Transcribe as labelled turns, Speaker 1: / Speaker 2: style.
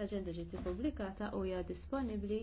Speaker 1: l-agenda ġiet ippubblikata u hija disponibbli